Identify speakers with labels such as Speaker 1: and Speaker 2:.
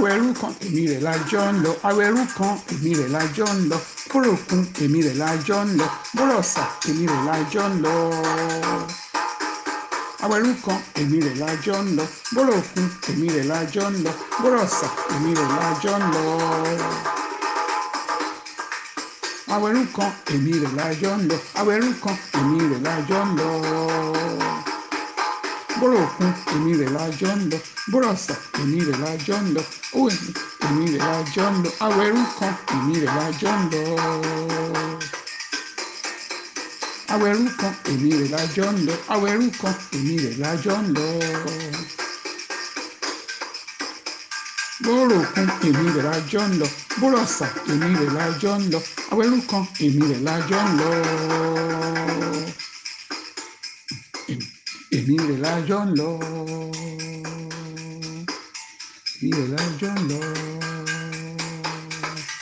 Speaker 1: A con mi mire la yondo, abuelo que mide la yondo, puro que mire la yondo, bolosa que mire la yondo. Abuelo con mide la yondo, bolo que mire la yondo, bolosa que mire la yondo. A con que mire la yondo, a con mi mire la yondo. Boloku, unire la jondo. Borasa, unire la jondo. Owen, unire la jondo. Awerukon, unire la jondo. Awerukon, unire la jondo. Awerukon, unire que jondo. Borokun, la jondo. Borasa, unire la jondo. Awerukon, unire la jondo. Borokun, unire la jondo. Borasa, la jondo. Y mírela
Speaker 2: John Law. Mírela John Law.